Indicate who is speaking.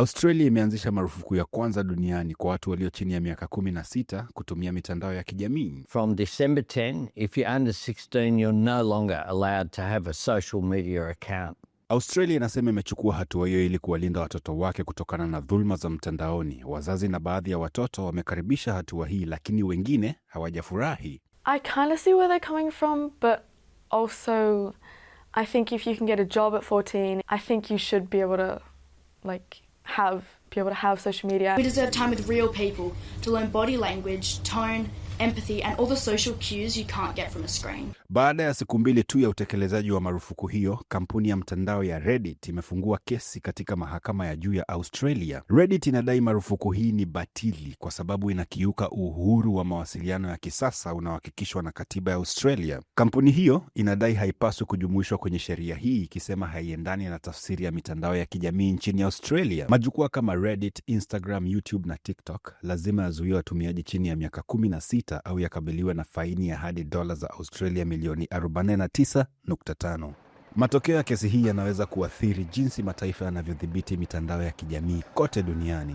Speaker 1: Australia imeanzisha marufuku ya kwanza duniani kwa watu walio chini ya miaka 16 kutumia mitandao ya kijamii.
Speaker 2: From December 10, if you're under 16, you're no longer allowed to have a social media account.
Speaker 1: Australia inasema imechukua hatua hiyo ili kuwalinda watoto wake kutokana na dhuluma za mtandaoni. Wazazi na baadhi ya watoto wamekaribisha hatua hii, lakini wengine hawajafurahi.
Speaker 3: I kind of see where they're coming from, but also I think if you can get a job at 14, I think you should be able to like have be able to have social media.
Speaker 4: We deserve time with real people to learn body language, tone, empathy and all the social cues you can't get from a screen.
Speaker 1: Baada ya siku mbili tu ya utekelezaji wa marufuku hiyo, kampuni ya mtandao ya Reddit imefungua kesi katika mahakama ya juu ya Australia. Reddit inadai marufuku hii ni batili kwa sababu inakiuka uhuru wa mawasiliano ya kisasa unaohakikishwa na katiba ya Australia. Kampuni hiyo inadai haipaswi kujumuishwa kwenye sheria hii, ikisema haiendani na tafsiri ya mitandao ya kijamii nchini Australia. Majukwaa kama Reddit, Instagram, YouTube na TikTok lazima yazuia watumiaji chini ya miaka 16 sita au yakabiliwe na faini ya hadi dola za Australia milioni 49.5. Matokeo ya kesi hii yanaweza kuathiri jinsi mataifa yanavyodhibiti mitandao ya kijamii kote duniani.